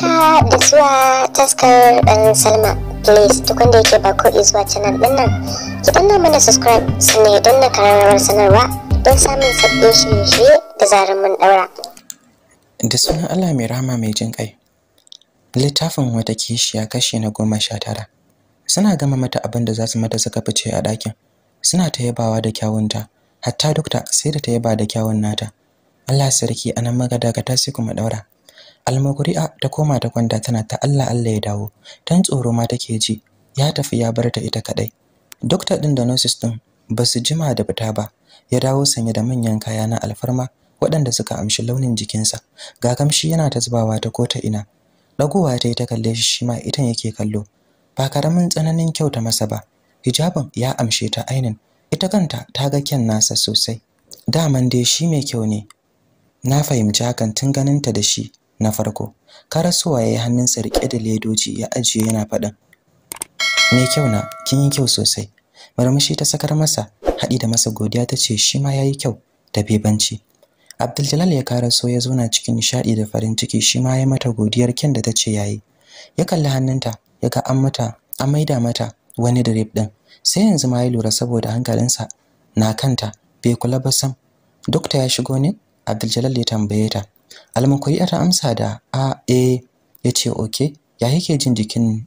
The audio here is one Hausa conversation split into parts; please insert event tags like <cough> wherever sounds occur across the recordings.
haka da zuwa taskar dan salma please duk wanda yake ba ko zuwa canal din nan ki danna mana subscribe sannan ya danna karamar sanarwa don samun sabbin shirye-shirye da zarar mun daura da sunan allah mai rama mai jin kai littafin wata kishiya kashi na goma sha tara suna gama mata abin da za su mata suka fice a ɗakin suna ta yabawa da kyawunta hatta dukta sai da ta yaba da kyawun nata allah sarki anan magada ka tasi kuma daura almaguri'a ta koma ta kwanta tana ta Allah Allah ya dawo dan tsoro ma take ji ya tafi ya bar ta ita kadai doctor din da no din ba su jima da fita ba ya dawo sanye da manyan kaya na alfarma waɗanda suka amshi launin jikinsa ga kamshi yana ta zubawa ta kota ina dagowa ta yi ta kalle shi shi ma itan yake kallo ba karamin tsananin kyauta masa ba hijabin ya amshe ta ainin ita kanta ta ga kyan nasa sosai daman dai shi mai kyau ne na fahimci hakan tun ganinta da shi na farko karasuwa ya yi hannunsa riƙe da ledoji ya ajiye yana faɗin mai kyau na kin yi kyau sosai murmushi ta sakar masa haɗi da masa godiya ta ce shi ma ya yi kyau da bebanci abdul ya karaso ya zauna cikin nishaɗi da farin ciki shi ma ya mata godiyar kyan da ta ce ya yi ya kalli hannunta ya ga an mata an maida mata wani drip ɗin sai yanzu ma ya lura saboda hankalinsa na kanta bai kula ba sam dokta ya shigo ne abdul ya tambaye ta Almakwai ta amsa da a A e, ya ce oke ya yake jin jikin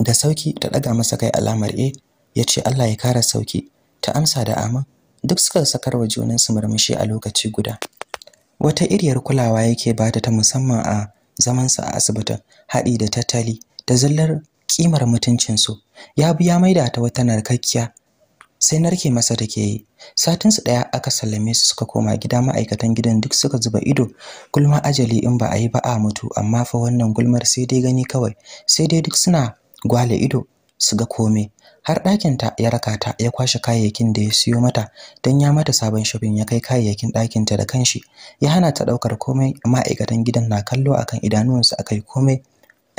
da sauki ta ɗaga masa kai alamar A e, ya ce allah ya kara sauki ta amsa da Ama, duk suka sakar wa junansu murmushi a lokaci guda wata iriyar kulawa yake bata ta musamman a zamansa a asibitin haɗi da tattali da zallar kimar mutuncinsu ya bi ya maida ta wata narkakkiya sai narke masa take yi satin su daya aka sallame su suka koma gida ma'aikatan gidan duk suka zuba ido gulma ajali in ba a yi ba a mutu amma fa wannan gulmar sai dai gani kawai sai dai duk suna gwale ido su ga kome har ɗakinta ya raka ta ya kwashe kayayyakin da ya siyo mata don ya mata sabon shopping ya kai kayayyakin ɗakinta da kanshi ya hana ta ɗaukar komai ma'aikatan gidan na kallo akan idanuwansu akai komai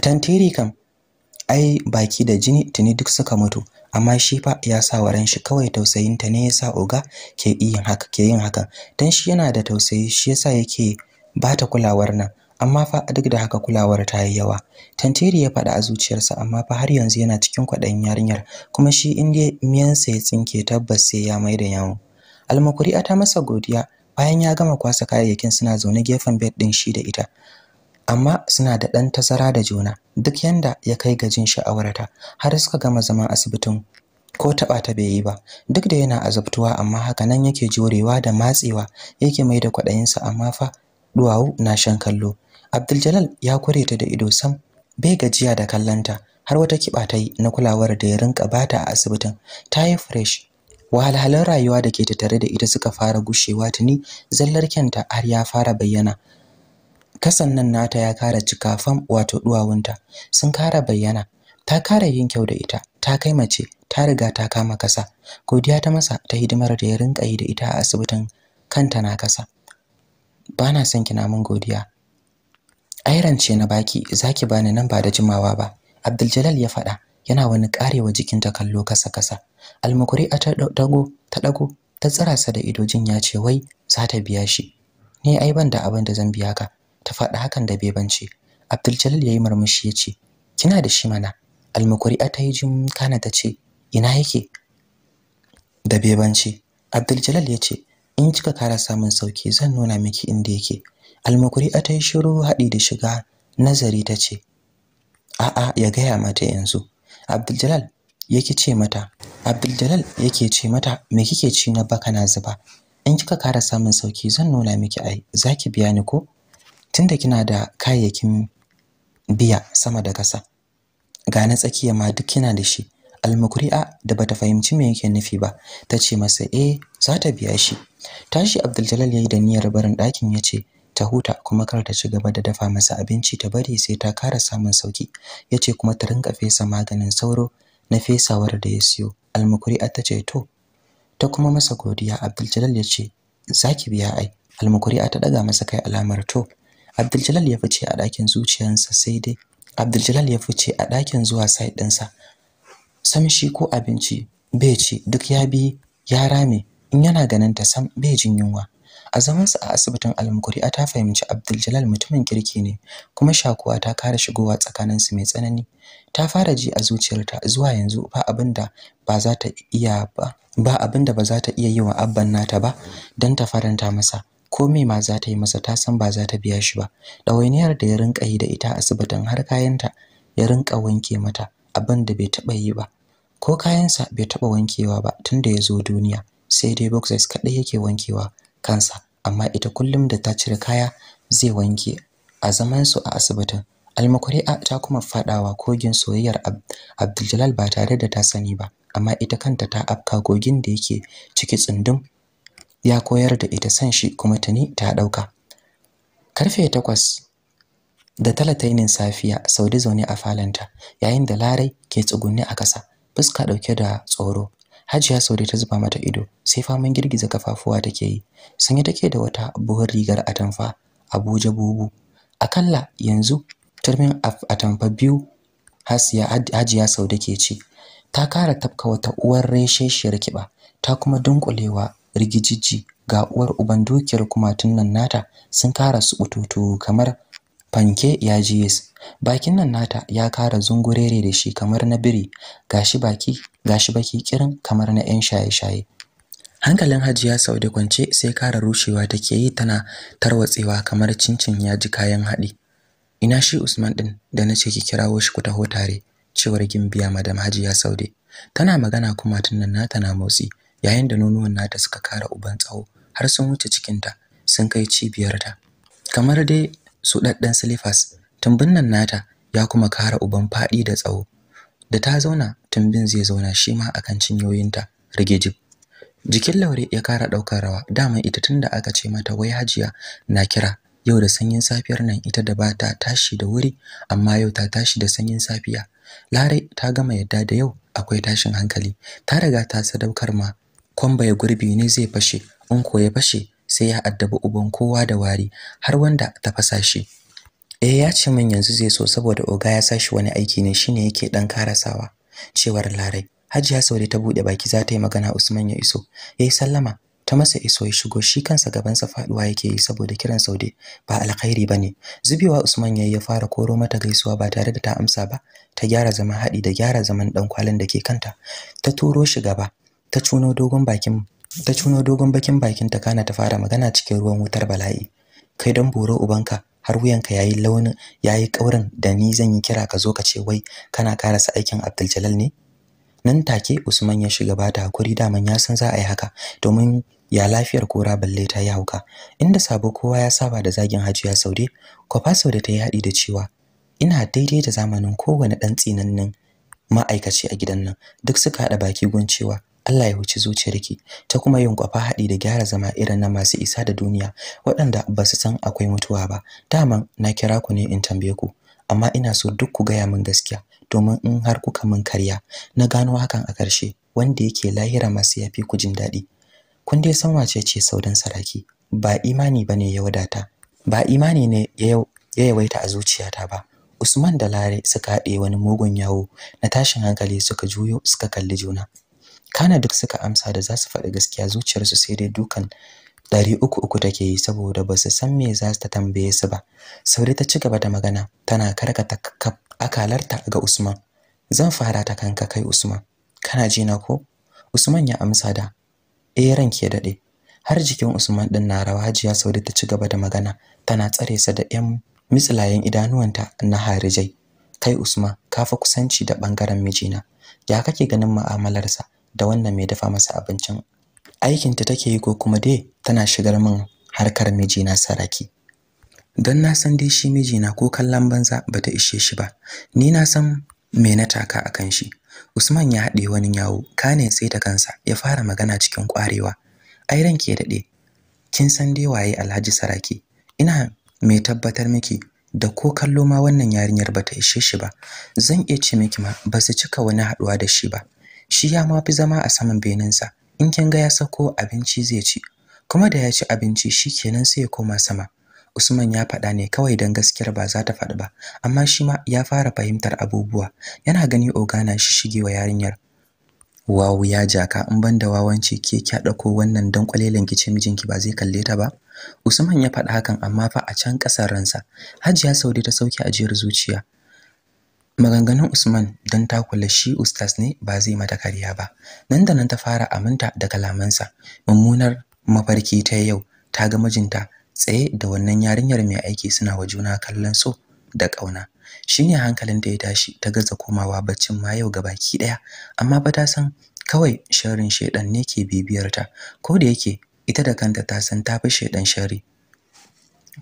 tantiri kam ai baki da jini tuni duk suka mutu amma shi fa ya sa wa shi kawai tausayin ta ne yasa oga ke yin haka ke yin haka dan shi yana da tausayi shi yasa yake bata kulawar nan amma fa duk da haka kulawar ta yi yawa tantiri ya faɗa a zuciyarsa amma fa har yanzu yana cikin kwaɗayin yarinyar kuma shi inda miyansa ya tsinke tabbas sai ya mai da yawo almakuri ta masa godiya bayan ya gama kwasa kayayyakin suna zaune gefen bed ɗin shi da ita amma suna da ɗan tazara da juna duk yanda ya kai ga jin sha'awarta har suka gama zama asibitin ko taɓa ta bai yi ba duk da yana azabtuwa amma haka nan yake jurewa da matsewa yake mai da kwaɗayinsa amma fa duwawu na shan kallo abdul ya kure ta da ido sam bai gajiya da kallonta har wata kiɓa ta yi na kulawar da ya rinka bata a asibitin ta yi fresh wahalhalar rayuwa da ke ta tare da ita suka fara gushewa tuni zallar kyanta har ya fara bayyana kasan nan nata ya kara cika fam wato duwawunta sun kara bayyana ta kara yin kyau da ita ta kai mace ta riga ta kama kasa godiya ta masa ta hidimar da ya rinka yi da ita a asibitin kanta na kasa bana son kina mun godiya airan ce na baki zaki bani nan ba da jimawa ba Abdul ya faɗa yana wani karewa ta kallo kasa kasa almukuri a ta dago ta dago ta tsara sa da ido jin ya ce wai za ta biya shi Ne ai ban da abin da zan biya ka ta faɗa hakan da bebanci Abdul Jalil yayi murmushi yace kina da shi mana almukuri'a ta yi jin kana ta ce ina yake da bebanci Abdul Jalil yace in kika kara samun sauki zan nuna miki inda yake almukuri'a ta yi shiru haɗi da shiga nazari ta ce a'a ya gaya mata yanzu Abdul Jalal yake ce mata Abdul yake ce mata me kike ci na baka na zuba in kika kara samun sauki zan nuna miki ai zaki biya ni ko tunda kina da kayayyakin biya sama da kasa ga na tsakiya ma duk kina da shi almukri'a da bata fahimci me yake nufi ba tace masa eh za ta biya shi tashi abdul yayi da niyyar barin ɗakin yace ta huta kuma kar ta ci gaba da dafa masa abinci ta bari sai ta kara samun sauki yace kuma ta rinka fesa maganin sauro na fesawar da ya siyo almukri'a tace to ta kuma masa godiya abdul yace zaki biya ai almukuri'a ta daga masa kai alamar to Abdul ya fice a ɗakin zuciyarsa sai dai Abdul ya fice a ɗakin zuwa side ɗinsa. Sam shi ko abinci bai ci duk ya bi ya rame in yana ganin ta sam bai jin yunwa. A zaman sa a asibitin a ta fahimci Abdul mutumin kirki ne kuma shakuwa ta kare shigowa tsakanin su mai tsanani. Ta fara ji a zuciyarta zuwa yanzu ba abin da ba za ta iya ba ba abin da ba za ta iya yi wa abban nata ba don ta faranta masa. ko mai ma za ta yi masa ta san ba za ta biya shi ba ɗawainiyar da ya rinka yi da ita asibitin har kayanta ya rinka wanke mata abin da bai taɓa yi ba ko kayansa bai taɓa wankewa ba tun da ya zo duniya sai dai boxes kaɗai yake wankewa kansa amma ita kullum da ta cire kaya zai wanke a su a asibitin almakuri'a ta kuma faɗawa kogin soyayyar abdul ba tare da ta sani ba amma ita kanta ta afka kogin da yake ciki tsundum ya koyar da ita san shi kuma Tani ta dauka karfe takwas da talatainin safiya saudi zaune a falanta yayin da larai ke tsugunne a kasa fuska dauke da tsoro hajiya saudi ta zuba mata ido sai faman girgiza kafafuwa take yi sanye take da wata buhun rigar atamfa abuja bubu akalla yanzu turmin atamfa biyu hasiya hajiya saudi ke ci ta kara tafka wata uwar reshe shirkiba ta kuma dunkulewa rigijiji ga uwar uban dukiyar kumatun nan nata sun kara su bututu kamar fanke ya ji bakin nan nata ya kara zungurere da shi kamar na biri gashi baki gashi baki kirin kamar na yan shaye-shaye hankalin hajiya saude kwance sai kara rushewa take yi tana tarwatsewa kamar cincin ya ji kayan haɗi ina shi usman din da nace ki kirawo shi ku taho tare cewar gimbiya madam hajiya saude tana magana kuma nan, nata na motsi yayin da nonuwan nata suka kara uban tsawo har sun wuce cikinta sun kai cibiyarta kamar dai su ɗaɗɗen silifas tumbin nan nata ya kuma kara uban faɗi da tsawo da ta zauna tumbin zai zauna shi ma akan cinyoyinta jib jikin laure ya kara ɗaukar rawa dama ita tunda aka ce mata wai hajiya na kira yau da sanyin safiyar nan ita da ba ta tashi da wuri amma yau ta tashi da sanyin safiya lare ta gama yadda da yau akwai tashin hankali ta riga ta sadaukar ma kwamba ya gurbi ne zai fashe in ko ya fashe sai ya addabi uban kowa da wari har wanda ta fasa shi eh ya ce min yanzu zai so saboda oga ya sashi wani aiki ne shine yake dan karasawa cewar larai hajiya Saude ta bude baki za ta yi magana usman ya iso yayi sallama ta masa iso ya shigo shi kansa gaban sa faduwa yake yi saboda kiran saude ba alkhairi bane zubewa usman yayi ya fara koro mata gaisuwa ba tare da ta amsa ba ta gyara zaman hadi da gyara zaman dan kwalin da ke kanta ta turo shi gaba ta cuno dogon bakin ta cuno dogon bakin bakin ta kana ta fara magana cikin ruwan wutar bala'i kai dan boro ubanka har wuyanka yayi launin yayi kaurin da ni zan yi kira ka zo ka ce wai kana karasa aikin Abdul ne nan take Usman ya shiga bata hakuri daman ya san za a yi haka domin ya lafiyar kora balle ta yi hauka inda sabo kowa ya saba da zagin Hajiya Saude kwafa Saude ta yi haɗi da cewa ina daidai da zamanin kowane ɗan tsinannen ma'aikaci a gidan nan duk suka haɗa baki gun cewa Allah ya huce zuciyarki ta kuma yin kwafa haɗi da gyara zama irin na masu isa da duniya waɗanda ba su san akwai mutuwa ba daman na kira ku ne in tambaye ku amma ina so duk ku gaya min gaskiya domin in har kuka min karya na gano hakan a ƙarshe wanda yake lahira masu yafi ku jin daɗi kun dai san wace ce saudan saraki ba imani bane ya wadata ba imani ne ya yawaita a zuciyata ba Usman da Lare suka haɗe wani mugun yawo na tashin hankali suka juyo suka kalli juna kana duk suka amsa da za su faɗi gaskiya zuciyarsu sai dai dukan ɗari uku uku take yi saboda ba su san me za ta tambaye su ba sauri ta ci gaba da magana tana karkata akalarta ga usman zan fara ta kanka kai usman kana ji na ko usman ya amsa da eh ke daɗe har jikin usman ɗin na rawa hajiya saudi ta ci gaba da magana tana tsare sa da 'yan mitsilayen idanuwanta na harijai kai usman kafa kusanci da ɓangaren mijina ya kake ganin ma'amalarsa? da wannan mai dafa masa abincin aikinta take yi ko kuma dai tana shigar min harkar mijina saraki don na san dai shi mijina ko kallon banza ba ta ishe shi ba ni na san me na taka a kan shi Usman ya haɗe wani yawo kane sai ta kansa ya fara magana cikin ƙwarewa ai ranki ya daɗe kin san dai waye Alhaji Saraki ina mai tabbatar miki da ko kallo ma wannan yarinyar ba ta ishe shi ba zan iya ce miki ma ba su cika wani haɗuwa da shi ba shi ya ma fi zama a saman sa. in kin ga ya sako abinci zai ci kuma da ya ci abinci shi kenan sai ya koma sama Usman ya faɗa ne kawai don gaskiyar ba za ta faɗi ba amma shi ma ya fara fahimtar abubuwa yana gani ogana shi wa yarinyar wawu ya jaka in ban da wawanci ke kya ɗauko wannan don kwalelan kice mijinki ba zai kalle ta ba Usman ya faɗa hakan amma fa a can ƙasar ransa Hajiya Saude ta sauke ajiyar zuciya maganganun Usman don takula shi ustaz ne ba zai mata kariya ba nan da nan ta fara aminta da kalamansa mummunar mafarki ta yau ta ga mijinta tsaye da wannan yarinyar mai aiki suna wa juna kallon so da ƙauna shine ta ya tashi ta gaza komawa baccin ma yau gabaki ɗaya. amma ba ta san kawai sharrin shedan ne ke bibiyarta ko da yake ita da kanta ta san ta fi shedan sharri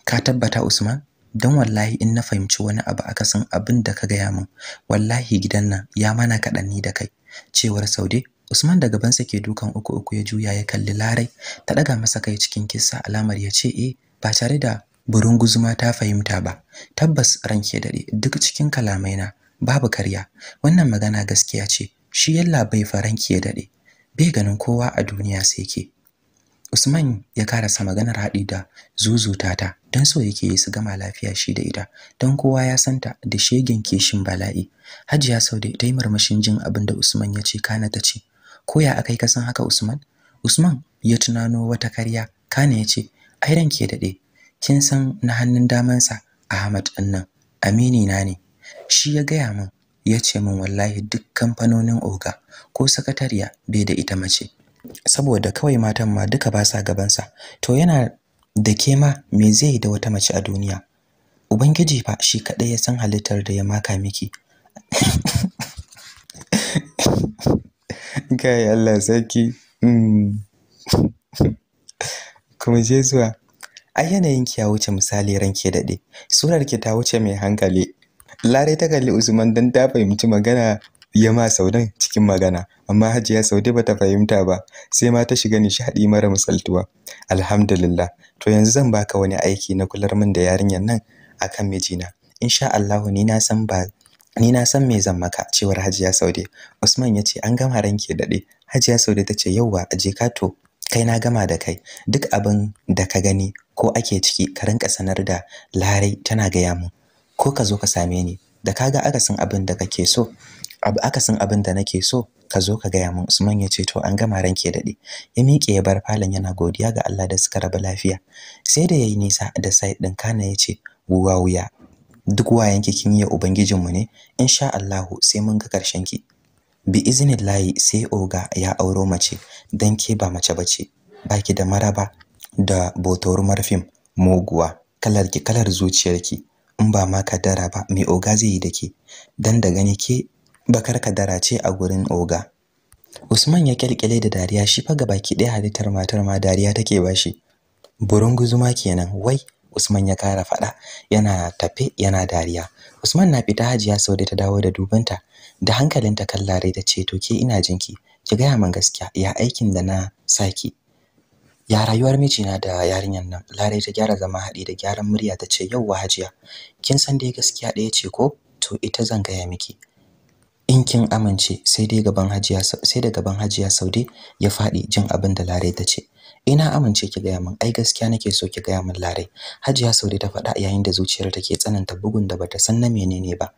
ka tabbata Usman don wallahi in na fahimci wani abu akasin abin da ka gaya min wallahi gidan nan ya mana kaɗanni da kai cewar saude usman da gabansa ke dukan uku uku ya juya ya kalli larai ta ɗaga masa kai cikin kissa alamar ya ce eh ba tare da burunguzuma ta fahimta ba tabbas ranke daɗe duk cikin kalamai na babu karya wannan magana gaskiya ce shi yalla bai faranki ya daɗe bai ganin kowa a duniya sai ke Usman ya karasa maganar haɗi da zuzutata don so yake yi su gama lafiya shi da ita don kowa ya santa da shegen kishin bala'i. Hajiya Saude ta yi marmashin jin abin da Usman ya ce kana ta ce, ko ya akai yi kasan haka Usman?" Usman ya tunano wata karya kana ya ce, "Ai ke daɗe, kin san na hannun damansa Ahmad ɗin nan, amini na ne." Shi ya gaya min, ya ce min wallahi duk kamfanonin oga ko sakatariya bai da ita mace. saboda kawai matan ma duka ba sa gabansa to yana da ke ma me zai yi da wata mace a duniya ubangiji fa shi kadai ya san halittar da ya maka miki <laughs> kai Allah saki? Mm. <laughs> kuma je zuwa ai yanayin ki ya wuce misali ranke daɗe surar ki ta wuce mai hankali lare ta kalli usman dan ta fahimci magana ya ma Saudan cikin magana amma Hajiya Saude bata fahimta ba sai ma ta shiga nishaɗi mara misaltuwa alhamdulillah to yanzu zan baka wani aiki na kular min da yarinyar nan A kan mijina insha Allah ni na san ni na san me zan maka cewar Hajiya Saude Usman ya ce an gama ranke daɗe Hajiya Saude ta ce yauwa aje ka to kai na gama da kai duk abin da ka gani ko ake ciki ka rinka sanar da Larai tana gaya mu? ko ka zo ka same ni da kaga akasin abin da kake so abu akasin abin da nake so ka zo ka gaya min Usman ya ce to an gama ranke daɗe ya miƙe ya bar falon yana godiya ga Allah da suka raba lafiya sai da yayi nisa da sai ɗin kana yace wuwa wuya duk wayanki kin yi ubangijinmu ne insha Allahu sai mun ga karshen ki bi iznillahi sai oga ya auro mace dan ke ba mace bace baki da maraba da botorumar fim muguwa kalar ki kalar zuciyarki in ba ma kadara ba mai oga zai yi dake dan da gani ke bakar kadara ce a gurin oga Usman ya kyalkyale da dariya shi fa baki ɗaya halittar matar ma dariya take ba bashi burunguzuma kenan wai Usman ya kara fada yana tafe yana dariya Usman na fita Hajiya Saude ta dawo da dubanta da hankalinta kan Larai ta ce to ke ina jinki ki gaya min gaskiya ya aikin da na saki ya rayuwar mijina da yarinyar nan Lare ta gyara zama haɗi da gyaran murya ta ce yauwa Hajiya kin san dai gaskiya ɗaya ce ko to ita zan gaya miki in kin amince sai dai gaban Hajiya sai da gaban Hajiya Saude ya fadi jin abin da Lare ta ce ina amince ki gaya min ai gaskiya nake so ki gaya min Lare Hajiya Saude ta faɗa yayin da zuciyar take tsananta bugun da bata san na menene ba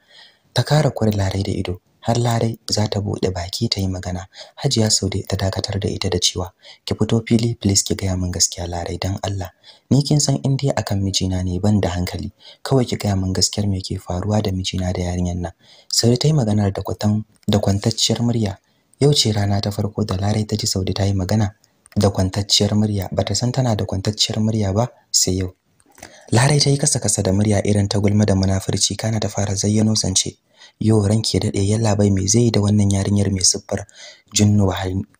ta kara kwar Lare da ido har Larai za ta buɗe baki ta yi magana. Hajiya Saude ta dakatar da ita da cewa, "Ki fito fili please ki gaya min gaskiya Larai dan Allah. Ni kin san indiya dai akan mijina ne ban da hankali. Kawai ki gaya min gaskiyar me ke faruwa da mijina da yarinyar nan." Saude ta yi maganar da kwatan da kwantacciyar murya. Yau ce rana ta farko da Larai ta ji Saude ta yi magana da kwantacciyar murya. Bata san tana da kwantacciyar murya ba sai yau. Larai ta yi kasa-kasa da murya irin ta gulma da munafurci kana ta fara zayyano zance. yau ranki ya dade yallabai me zai yi da wannan yarinyar mai siffar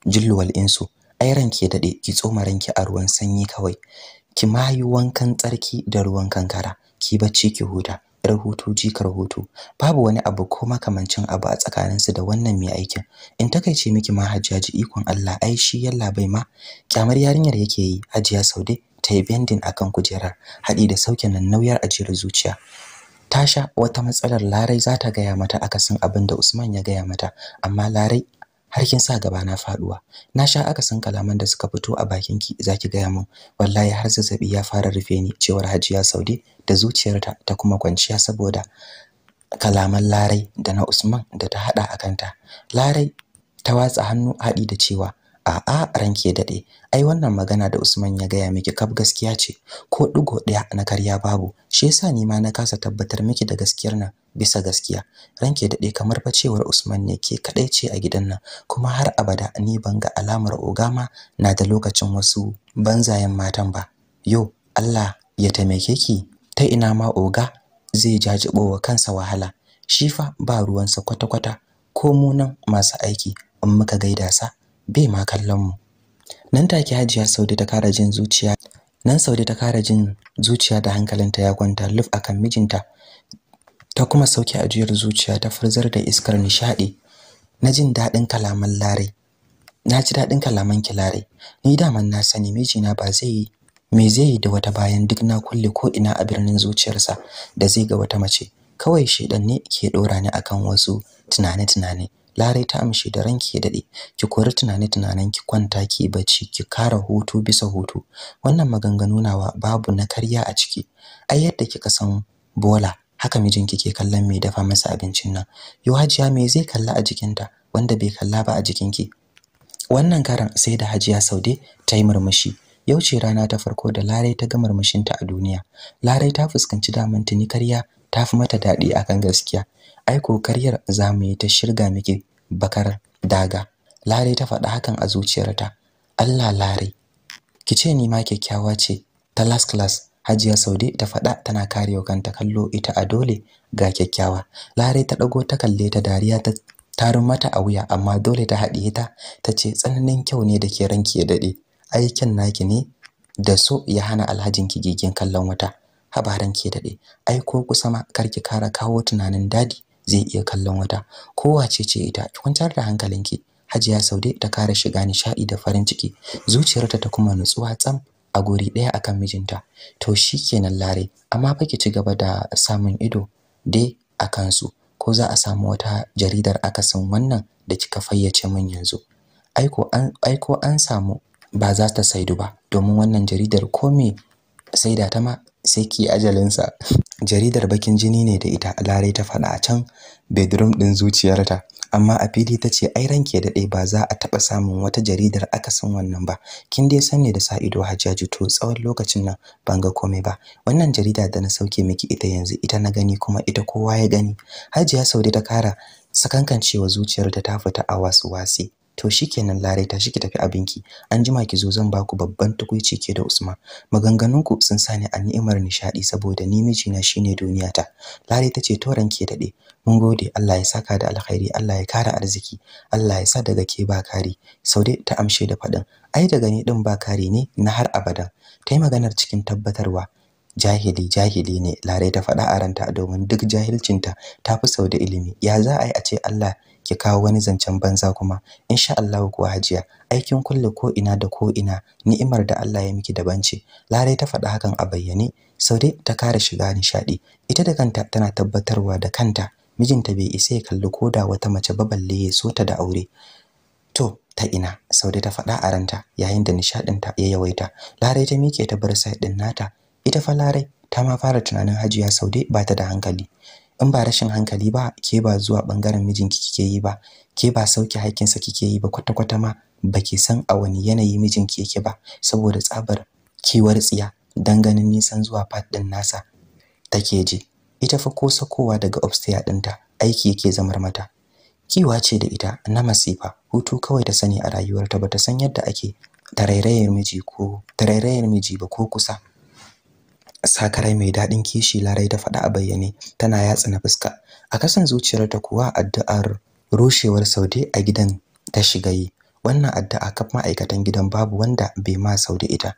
julluwal insu ai ranki ya dade ki tsoma ranki a ruwan sanyi kawai ki mayu wankan tsarki da ruwan kankara ki bacci ki huta yar hutu jikar hutu babu wani abu ko makamancin abu a tsakaninsu da wannan mai aikin in takaice miki ma hajjaji ikon Allah ai shi yalla bai ma kyamar yarinyar yake yi hajiya saude ta yi bending akan kujerar haɗi da sauke nan nauyar ajiyar zuciya ta sha wata matsalar larai za ta gaya mata akasin abin da Usman ya gaya mata amma larai har kin sa gaba na faduwa na sha akasin kalaman da suka fito a bakin ki zaki gaya mun wallahi har zazzabi ya fara rufe ni cewar Hajiya Saudi da zuciyarta ta kuma kwanciya saboda kalaman larai da na Usman da ta hada akanta. larai ta watsa hannu haɗi da cewa a'a ranke dade ai wannan magana da Usman ya gaya miki kaf gaskiya ce ko ɗigo daya na karya babu shi yasa ni ma na kasa tabbatar miki da gaskiyar nan bisa gaskiya ranke dade kamar bacewar cewar Usman ne ke kadai ce a gidan nan kuma har abada ni ban ga alamar ogama na da lokacin wasu banzayen matan ba yo Allah ya taimake ki ta ina ma oga zai wa kansa wahala shi fa ba ruwansa kwata-kwata ko mu masu aiki in muka gaida sa bai ma kallon mu nan take hajiya saudi ta kara jin zuciya nan saudi ta kara jin zuciya da hankalinta ya kwanta luf akan mijinta ta kuma sauke ajiyar zuciya ta furzar da iskar nishaɗi. na jin daɗin kalaman lare na ji daɗin kalaman ki Lare. ni daman na sani mijina ba zai yi me zai yi da wata bayan duk na kulle ko ina a birnin zuciyarsa da zai ga wata mace kawai shedan ne ke dora ni akan wasu tunane-tunane Larai ta amshi da ranki ya dade. Ki kori tunani tunanan ki kwanta ki bacci ki kara hutu bisa hutu. Wannan maganganu nawa babu na karya a ciki. Ai yadda kika san bola haka mijinki ke kallon mai dafa masa abincin nan. Yo Hajiya me zai kalla a jikinta wanda bai kalla ba a jikin ki? Wannan karan sai da Hajiya Saude ta yi murmushi. Yau ce rana ta farko da Larai ta ga murmushinta a duniya. Larai ta fuskanci daman tuni karya ta fi mata daɗi akan gaskiya. ai kokariyar za mu yi ta shirga miki bakar daga lare ta faɗa hakan a zuciyarta Allah lare ki ce ni ma kyakkyawa ce ta last class Hajiya Saude ta faɗa tana karewa kanta kallo ita a dole ga kyakkyawa lare ta dago ta kalle ta dariya ta taru mata a wuya amma dole ta haɗiye ta ta ce tsananin kyau ne da ke ranki ya daɗe aikin naki ne da so ya hana alhajin ki gigin kallon wata habaran ke daɗe Aiko, kusa ma karki kara kawo tunanin dadi zai iya kallon wata ko wace ce ita kwantar da hankalinki Hajiya Saude ta kare shiga nishadi da farin ciki zuciyarta ta kuma nutsuwa tsam a guri daya akan mijinta to shikenan lare amma fa ki ci gaba da samun ido de akan su ko za a samu wata jaridar akasin wannan da kika fayyace min yanzu aiko an aiko an samu ba za ta saidu ba domin wannan jaridar ko me saida ta ma sai ki ajalinsa jaridar bakin jini ne da ita larai ta faɗa a can bedroom ɗin zuciyarta amma a fili ta ce ai ranke daɗe ba za a taɓa samun wata jaridar akasin wannan ba kin dai san ne da sa ido hajjaju to tsawon lokacin nan ban ga komai ba wannan jarida da na sauke miki ita yanzu ita na gani kuma ita kowa ya gani hajiya saudi ta kara sakankancewa zuciyarta ta fita a wasu wasi to shi kenan lare ta shi ki tafi abinki an jima ki zo zan baku babban tukuici ke da Usman ku sun sani a ni'imar nishadi saboda ni miji na shine duniyata lare tace to ranke dade mun gode Allah ya saka da alkhairi Allah ya kara arziki Allah ya sa daga ke ba kari saude ta amshe da fadin ai daga ni din ba kari ne na har abadan tai maganar cikin tabbatarwa jahili jahili ne lare ta faɗa a ranta domin duk jahilcinta ta fi sau da ilimi ya za a yi a ce Allah ki kawo wani zancen banza kuma insha Allah ku hajiya aikin kulle ko ina da ko ina ni'imar da Allah ya miki daban ce larai ta faɗa hakan a bayyane saude ta kare shiga nishaɗi. ita da kanta tana tabbatarwa da kanta mijinta bai isa ya kalli ko da wata mace ba balle ya so ta da aure to ta ina saude ta faɗa a ranta yayin da ta ya yawaita larai ta miƙe ta bar sai din nata ita fa larai ta ma fara tunanin hajiya saude ba ta da hankali in ba rashin hankali ba ke ba zuwa bangaren mijinki kike yi ba ke ba sauki sa kike yi ba kwata-kwata ma baki san a wani yanayi mijinki yake ba saboda tsabar kiwar tsiya dan ganin nisan zuwa fat din nasa take je ita fa ko sakowa daga upstairs ɗinta aiki yake zamar mata kiwa ce da ita na masifa hutu kawai ta sani a rayuwarta ba ta san yadda ake tarairayar miji ko tarairayar miji ba ko kusa sakarai mai daɗin kishi larai ta faɗa a bayyane tana yatsa na fuska a kasan zuciyarta kuwa addu'ar rushewar saude a gidan ta shiga yi wannan addu'a kaf ma'aikatan gidan babu wanda bai ma saude ita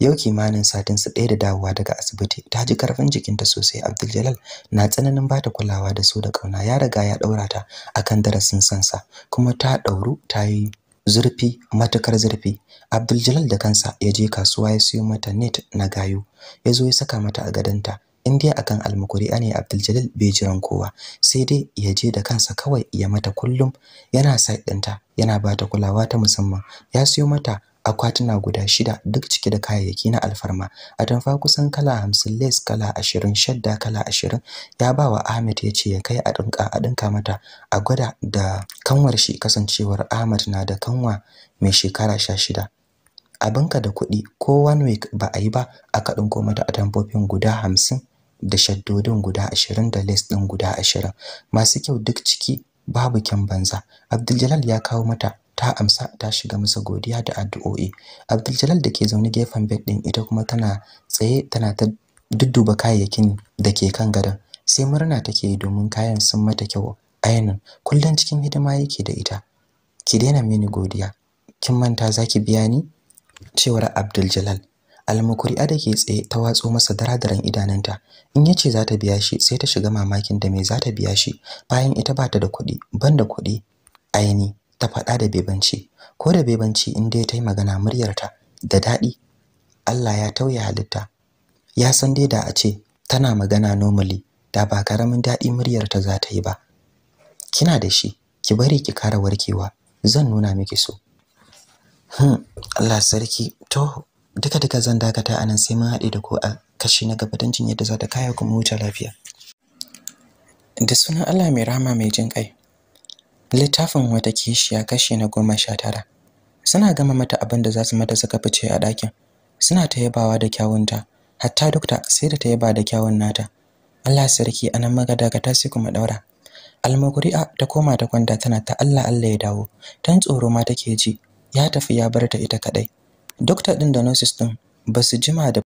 yau kimanin satin su ɗaya da dawowa daga asibiti ta ji karfin jikinta sosai abdul na tsananin bata kulawa da su da ƙauna. ya riga ya ɗaurata ta akan darasin sansa kuma ta ɗauru ta yi zurfi matukar zurfi Abdul da kansa ya je kasuwa ya siyo mata net na gayu ya zo ya saka mata a gadonta in dai akan almukuri'a ne Abdul bai jiran kowa sai dai ya je da kansa kawai ya mata kullum yana sa ɗinta yana ba ta kulawa ta musamman ya siyo mata akwatuna guda shida duk cike da kayayyaki na alfarma atamfa kusan kala hamsin les kala ashirin shadda kala ashirin ya ba wa Ahmed ya ce ya kai a dinka a dinka mata a gwada da kanwar shi kasancewar Ahmed na da kanwa mai shekara sha shida abinka da kuɗi ko one week ba a yi ba aka ɗinko mata atamfofin guda hamsin da shaddodin guda ashirin da les ɗin guda ashirin masu kyau duk ciki babu kyan banza Abdul ya kawo mata ta amsa ta shiga masa godiya da addu'o'i Abdul da ke zaune gefen bed din ita kuma tana tsaye tana ta dudduba kayayyakin da ke kan gadon sai murna take yi domin kayan sun mata kyau ainin kullun cikin hidima yake da ita ki daina mini godiya kin manta zaki biya ni cewar Abdul Jalal almukuri'a da ke tsaye ta watso masa daradaran idananta in yace za ta biya shi sai ta shiga mamakin da me za ta biya shi bayan ita bata da kuɗi banda kuɗi aini ta faɗa da bebanci ko da bebanci in dai ta yi magana muryarta da daɗi Allah ya tauye halitta ya san dai da a ce tana magana nomali, da ba karamin daɗi muryarta za ta yi ba kina da shi ki bari ki kara warkewa zan nuna miki so hmm Allah sarki to duka duka zan dakata anan sai mun haɗe da ko a kashi na gabatancin yadda za ta kaya kuma wuce lafiya da sunan Allah mai rama mai jin kai littafin wata kishiya kashi na goma sha tara suna gama mata abin da za su mata suka fice a ɗakin suna ta yabawa da kyawunta hatta dukta sai da ta yaba da kyawun nata Allah sarki anan magada ka tasi kuma daura almaguri'a ta koma ta kwanta tana ta Allah Allah ya dawo tan tsoro ma take ji ya tafi ya bar ta ita kadai dokta ɗin da nurses din basu jima da